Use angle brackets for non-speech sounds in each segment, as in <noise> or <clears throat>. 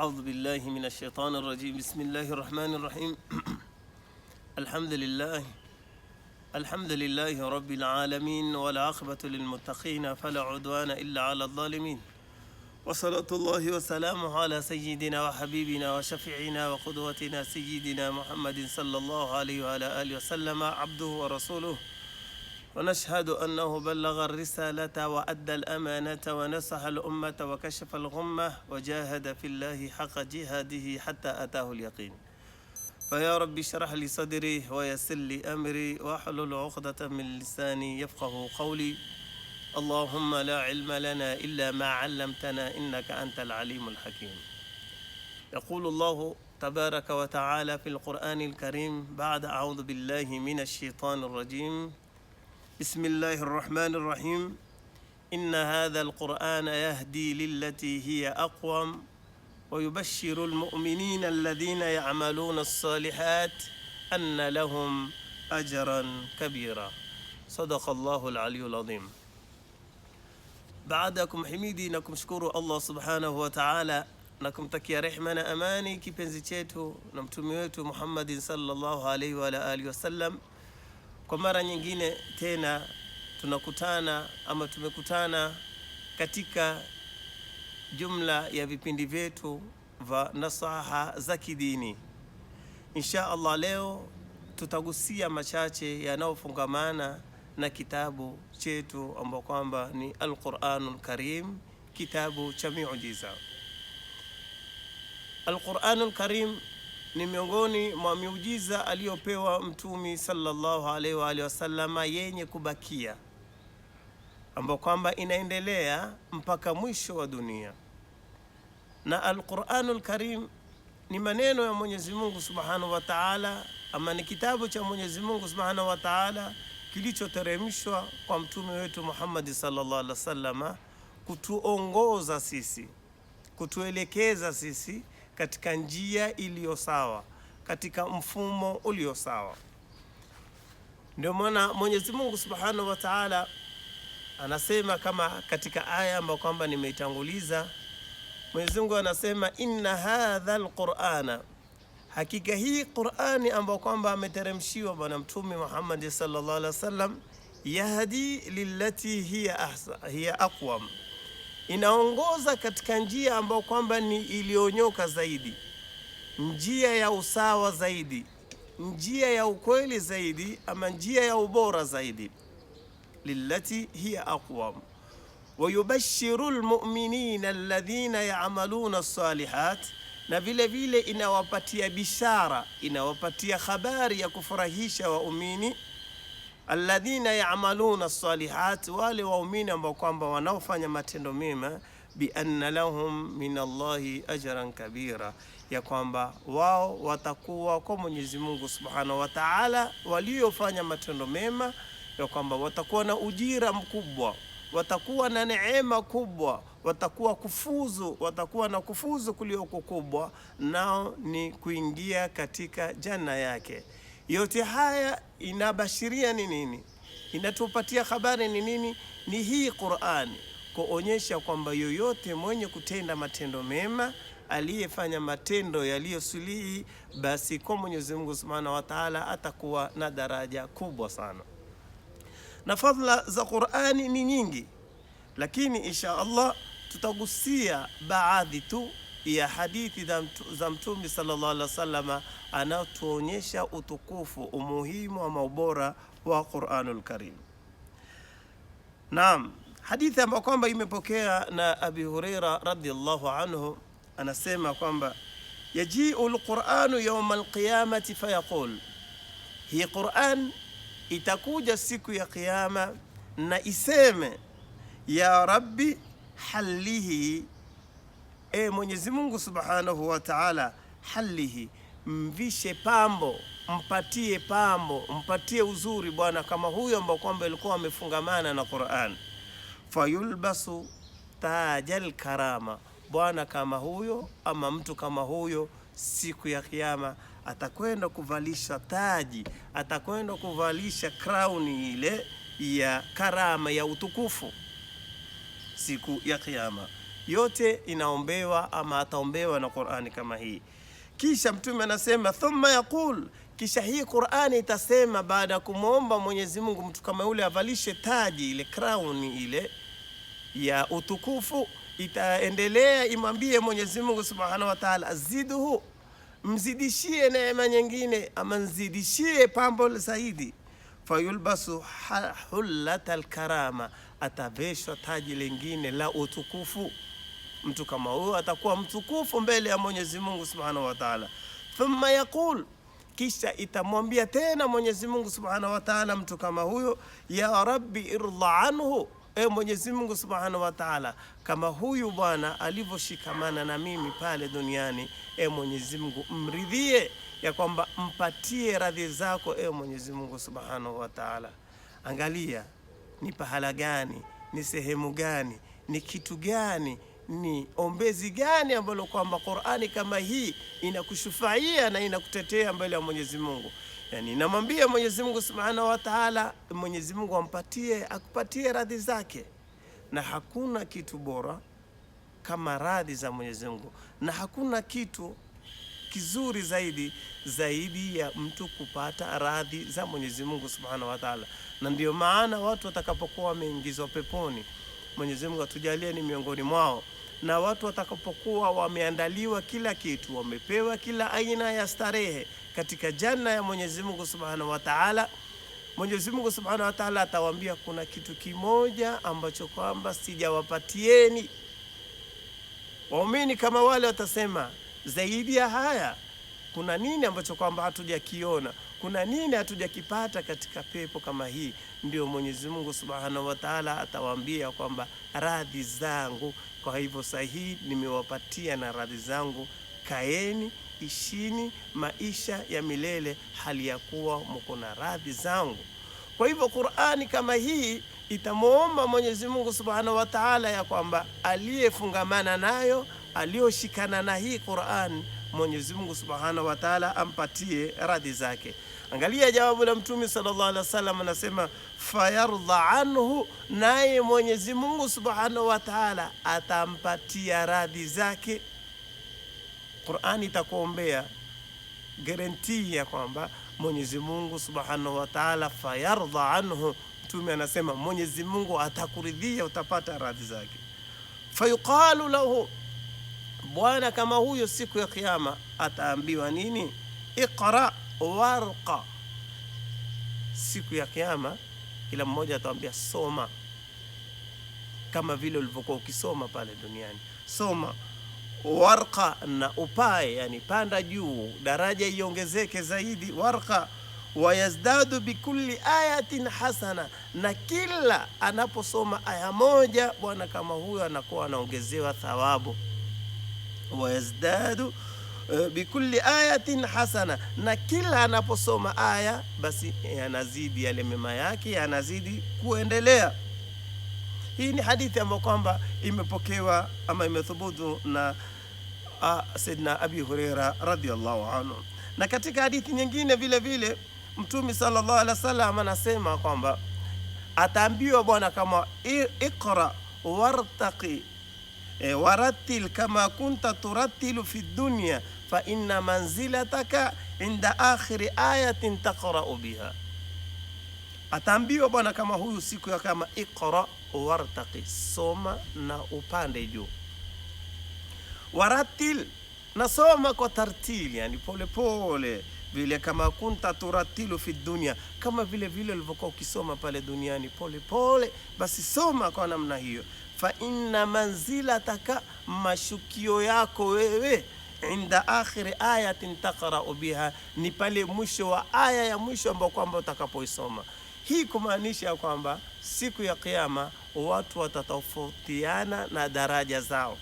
أعوذ بالله من الشيطان الرجيم بسم الله الرحمن الرحيم <clears throat> الحمد لله الحمد لله رب العالمين والعاقبة للمتقين فلا عدوان إلا على الظالمين وصلاة الله وسلامه على سيدنا وحبيبنا وشفيعنا وقدوتنا سيدنا محمد صلى الله عليه وعلى آله وسلم عبده ورسوله ونشهد أنه بلغ الرسالة وأدى الأمانة ونصح الأمة وكشف الغمة وجاهد في الله حق جهاده حتى أتاه اليقين فيا رب اشرح لي صدري ويسر لي أمري واحلل عقدة من لساني يفقه قولي اللهم لا علم لنا إلا ما علمتنا إنك أنت العليم الحكيم يقول الله تبارك وتعالى في القرآن الكريم بعد أعوذ بالله من الشيطان الرجيم بسم الله الرحمن الرحيم إن هذا القرآن يهدي للتي هي أقوم ويبشر المؤمنين الذين يعملون الصالحات أن لهم أجرا كبيرا صدق الله العلي العظيم بعدكم حميدي نكم شكور الله سبحانه وتعالى نكم تكيا رحمنا أماني كي بنزيتو نمتميتو محمد صلى الله عليه وآله وسلم Kwa mara nyingine tena tunakutana ama tumekutana katika jumla ya vipindi vyetu vya nasaha za kidini. Insha Allah, leo tutagusia machache yanayofungamana na kitabu chetu ambao kwamba ni Al-Qur'anul Karim, kitabu cha miujiza Al-Qur'anul Karim ni miongoni mwa miujiza aliyopewa Mtume sallallahu alaihi wa alihi wasallama yenye kubakia, ambayo kwamba inaendelea mpaka mwisho wa dunia. Na Alquranul Karim ni maneno ya Mwenyezi Mungu subhanahu wa taala, ama ni kitabu cha Mwenyezi Mungu subhanahu wa taala kilichoteremshwa kwa mtume wetu Muhammad sallallahu alaihi wasallama, kutuongoza sisi, kutuelekeza sisi katika njia iliyo sawa, katika mfumo ulio sawa. Ndio maana Mwenyezi Mungu Subhanahu wa Ta'ala anasema kama katika aya ambayo kwamba nimeitanguliza, Mwenyezi Mungu anasema inna hadha alqur'ana, hakika hii Qur'ani ambayo kwamba ameteremshiwa Bwana Mtume Muhammad sallallahu alaihi wasallam, yahdi lillati hiya ahsa hiya aqwam inaongoza katika njia ambayo kwamba ni iliyonyoka zaidi, njia ya usawa zaidi, njia ya ukweli zaidi, ama njia ya ubora zaidi, lillati hiya aqwam wa yubashiru lmuminina alladhina yamaluna lsalihat, na vile vile inawapatia bishara, inawapatia habari ya kufurahisha waumini alladhina ya'maluna salihat, wale waumini ambao kwamba wanaofanya matendo mema, bi anna lahum min Allahi ajran kabira, ya kwamba wao watakuwa kwa Mwenyezi Mungu Subhanahu wa Ta'ala, waliofanya matendo mema ya kwamba watakuwa na ujira mkubwa, watakuwa na neema kubwa, watakuwa kufuzu, watakuwa na kufuzu kulioko kubwa, nao ni kuingia katika janna yake. Yote haya inabashiria ni nini? Inatupatia habari ni nini? Ni hii Qur'ani kuonyesha kwamba yoyote mwenye kutenda matendo mema aliyefanya matendo yaliyosulihi basi kwa Mwenyezi Mungu Subhanahu wa Ta'ala atakuwa na daraja kubwa sana, na fadhila za Qur'ani ni nyingi, lakini insha Allah tutagusia baadhi tu ya hadithi za Mtume sallallahu alaihi wasallam, anatuonyesha utukufu, umuhimu ama ubora wa Qur'anul Karim. Naam, hadithi ambayo kwamba imepokea na Abi Huraira radhiallahu anhu anasema kwamba yajiu lquranu yauma alqiyamati fayaqul, hii Quran itakuja siku ya Kiyama na iseme ya rabbi halihi E, Mwenyezi Mungu Subhanahu wa Ta'ala, halihi mvishe pambo, mpatie pambo, mpatie uzuri bwana kama huyo ambao kwamba alikuwa amefungamana na Qur'an. Fayulbasu tajal karama, bwana kama huyo ama mtu kama huyo siku ya Kiyama atakwenda kuvalisha taji, atakwenda kuvalisha crown ile ya karama ya utukufu siku ya Kiyama yote inaombewa ama ataombewa na Qur'ani kama hii. Kisha mtume anasema thumma yaqul, kisha hii Qur'ani itasema baada ya kumwomba Mwenyezi Mungu mtu kama yule avalishe taji ile crown ile ya utukufu, itaendelea imwambie Mwenyezi Mungu Subhanahu wa Ta'ala, aziduhu, mzidishie neema nyingine, ama mzidishie pambo zaidi. Fayulbasu hullatal karama, ataveshwa taji lingine la utukufu. Mtu kama huyo atakuwa mtukufu mbele ya Mwenyezi Mungu Subhanahu wa Ta'ala. Thumma yaqul, kisha itamwambia tena Mwenyezi Mungu Subhanahu wa Ta'ala mtu kama huyo, ya Rabbi irda anhu, e Mwenyezi Mungu Subhanahu wa Ta'ala, kama huyu bwana alivyoshikamana na mimi pale duniani, e Mwenyezi Mungu mridhie, ya kwamba mpatie radhi zako, e Mwenyezi Mungu Subhanahu wa Ta'ala. Angalia ni pahala gani, ni sehemu gani, ni kitu gani ni ombezi gani ambalo kwamba Qur'ani kama hii inakushufaia na inakutetea mbele ya Mwenyezi Mungu. Yani namwambia Mwenyezi Mungu Subhanahu wa Ta'ala, Mwenyezi Mungu ampatie akupatie radhi zake, na hakuna kitu bora kama radhi za Mwenyezi Mungu, na hakuna kitu kizuri zaidi zaidi ya mtu kupata radhi za Mwenyezi Mungu Subhanahu wa Ta'ala. Na ndiyo maana watu watakapokuwa wameingizwa peponi, Mwenyezi Mungu atujalie ni miongoni mwao na watu watakapokuwa wameandaliwa kila kitu, wamepewa kila aina ya starehe katika janna ya Mwenyezi Mungu Subhanahu wa Ta'ala, Mwenyezi Mungu Subhanahu wa Ta'ala atawaambia, kuna kitu kimoja ambacho kwamba sijawapatieni. Waumini kama wale watasema, zaidi ya haya kuna nini ambacho kwamba hatujakiona? kuna nini hatujakipata katika pepo kama hii? Ndio Mwenyezi Mungu Subhanahu wa Ta'ala atawaambia kwamba radhi zangu, kwa hivyo sahihi nimewapatia na radhi zangu, kaeni ishini maisha ya milele hali ya kuwa mko na radhi zangu. Kwa hivyo Qur'ani kama hii itamwomba Mwenyezi Mungu Subhanahu wa Ta'ala ya kwamba aliyefungamana nayo aliyoshikana na hii Qur'ani Mwenyezi Mungu Subhanahu wa Ta'ala ampatie radhi zake. Angalia jawabu la Mtume sallallahu alaihi wasallam anasema, fayardha anhu, naye Mwenyezi Mungu Subhanahu wa Ta'ala atampatia radhi zake. Qur'ani itakuombea garantii ya kwamba Mwenyezi Mungu Subhanahu wa Ta'ala fayardha anhu, Mtume anasema Mwenyezi Mungu atakuridhia, utapata radhi zake. Fayuqalu lahu Bwana kama huyo siku ya Kiyama ataambiwa nini? Iqra warqa. Siku ya Kiyama kila mmoja atawambia soma, kama vile ulivyokuwa ukisoma pale duniani. Soma warqa na upae, yani panda juu, daraja iongezeke zaidi. Warqa wayazdadu bikulli ayatin hasana, na kila anaposoma aya moja, bwana kama huyo anakuwa anaongezewa thawabu wayazdadu e, bikulli ayatin hasana, na kila anaposoma aya basi yanazidi yale mema yake yanazidi kuendelea. Hii ni hadithi ambayo kwamba imepokewa ama imethubutu na Saidna Abi Huraira radhiallahu anhu. Na katika hadithi nyingine vile vile Mtume sallallahu alaihi wasallam anasema kwamba ataambiwa bwana kama iqra wartaqi e, waratil kama kunta turatilu fi dunya fa inna manzilataka inda akhiri ayatin taqra'u biha. Ataambiwa bwana kama huyu siku ya kama, iqra wartaqi, soma na upande juu. waratil nasoma kwa tartili, yani polepole vile kama kunta turatilu fi dunya, kama vile vile ulivyokuwa ukisoma pale duniani pole pole, basi soma kwa namna hiyo fa inna manzilataka, mashukio yako wewe inda akhiri ayatin taqrau biha, ni pale mwisho wa aya ya mwisho ambao kwamba utakapoisoma hii. Kumaanisha kwamba siku ya Kiyama watu watatofautiana na daraja zao.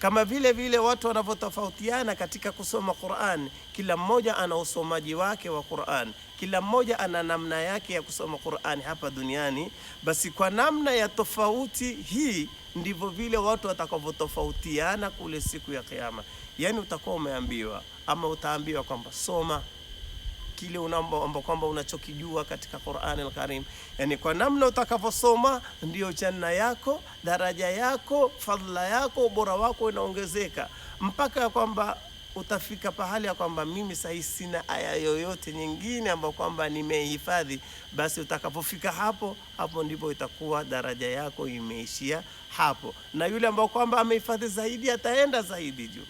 Kama vile vile watu wanavyotofautiana katika kusoma Qur'an, kila mmoja ana usomaji wake wa Qur'an, kila mmoja ana namna yake ya kusoma Qur'an hapa duniani. Basi kwa namna ya tofauti hii ndivyo vile watu watakavyotofautiana kule siku ya Kiyama. Yaani utakuwa umeambiwa ama utaambiwa kwamba soma kile unaomba kwamba unachokijua katika Qur'an al-Karim, yani kwa namna utakavyosoma ndiyo janna yako daraja yako, fadhila yako, ubora wako inaongezeka mpaka ya kwamba utafika pahali ya kwamba mimi sahi sina aya yoyote nyingine ambayo kwamba nimehifadhi Basi utakapofika hapo, hapo ndipo itakuwa daraja yako imeishia hapo, na yule ambayo kwamba amehifadhi zaidi ataenda zaidi juu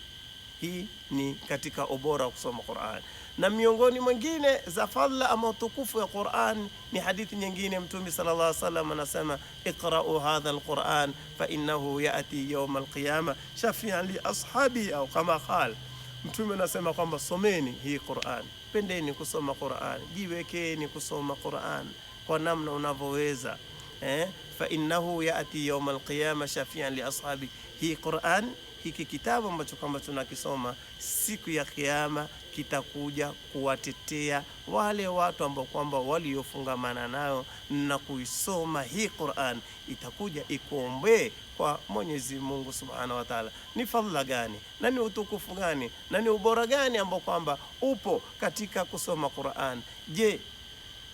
hii ni katika ubora wa kusoma Qur'an. Na miongoni mwingine za fadhila ama utukufu ya Qur'an ni hadithi nyingine, Mtume sallallahu alaihi wasallam anasema, iqra'u hadha alquran fa innahu ya'ti yawm alqiyama shafi'an li ashabi au kama qala. Mtume anasema kwamba someni hii Qur'an, pendeni kusoma Qur'an, jiwekeni kusoma Qur'an kwa namna unavyoweza eh, fa innahu ya'ti yawm alqiyama shafi'an li ashabi hii Qur'an, hiki kitabu ambacho kwamba tunakisoma siku ya Kiyama kitakuja kuwatetea wale watu ambao kwamba waliofungamana nayo na kuisoma hii Qur'an, itakuja ikuombe kwa Mwenyezi Mungu Subhanahu wa Ta'ala. Ni fadhila gani na ni utukufu gani na ni ubora gani ambao kwamba upo katika kusoma Qur'an? Je,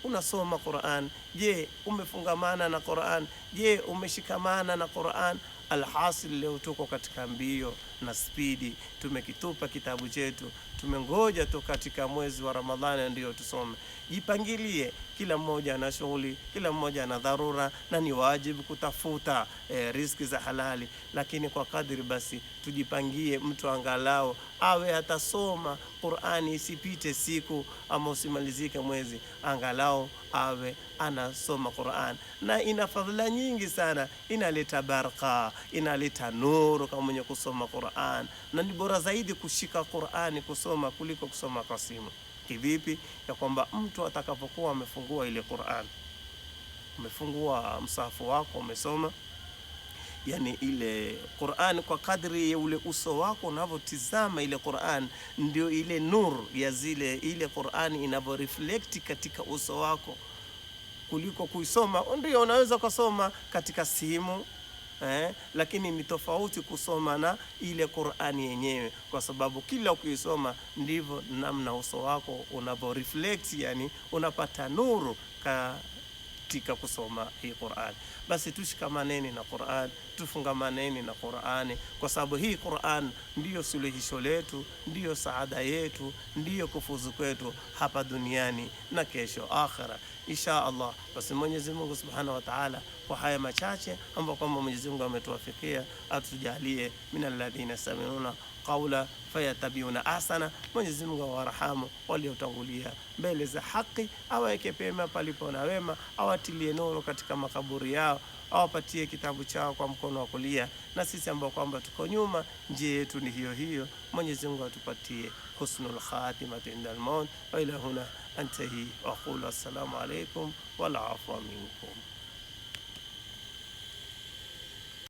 unasoma Qur'an Je, umefungamana na Qur'an? Je, umeshikamana na Qur'an? Alhasil, leo tuko katika mbio na spidi, tumekitupa kitabu chetu, tumengoja tu katika mwezi wa Ramadhani ndiyo tusome. Jipangilie, kila mmoja ana shughuli, kila mmoja ana dharura, na ni wajibu kutafuta eh, riski za halali, lakini kwa kadri basi tujipangie, mtu angalau awe atasoma Qur'ani, isipite siku ama usimalizike mwezi, angalau awe ana soma Qur'an na ina fadhila nyingi sana, inaleta baraka, inaleta nuru kama mwenye kusoma Qur'an, na ni bora zaidi kushika Qur'ani kusoma kuliko kusoma kwa simu. Kivipi? Ya kwamba mtu atakapokuwa amefungua ile Qur'an, umefungua msahafu wako, umesoma Yani ile Qur'an kwa kadri ya ule uso wako unavyotizama ile Qur'an, ndio ile nur ya zile ile Qur'an inavyoreflect katika uso wako kuliko kuisoma. Ndio unaweza ukasoma katika simu eh, lakini ni tofauti kusoma na ile Qur'ani yenyewe, kwa sababu kila ukiisoma ndivyo namna uso wako unavyo reflect, yani unapata nuru katika kusoma hii Qur'an. Basi tushikamaneni na Qur'an, tufungamaneni na Qur'ani, kwa sababu hii Qur'an ndiyo suluhisho letu, ndiyo saada yetu, ndiyo kufuzu kwetu hapa duniani na kesho akhera insha Allah. Basi Mwenyezi Mungu Subhanahu wa Ta'ala, kwa haya machache ambayo kwamba Mwenyezi Mungu ametuwafikia, atujalie alladhina samiuna qaula fayatabiuna ahsana. Mwenyezi Mungu awarhamu waliotangulia mbele za haki, awaweke pema palipo na wema, awatilie nuru katika makaburi yao awapatie kitabu chao kwa mkono wa kulia, na sisi ambao kwamba tuko nyuma, njia yetu ni hiyo hiyo. Mwenyezi Mungu atupatie husnul khatimati inda almaut wa ila huna أنتهي وأقول السلام عليكم والعفو منكم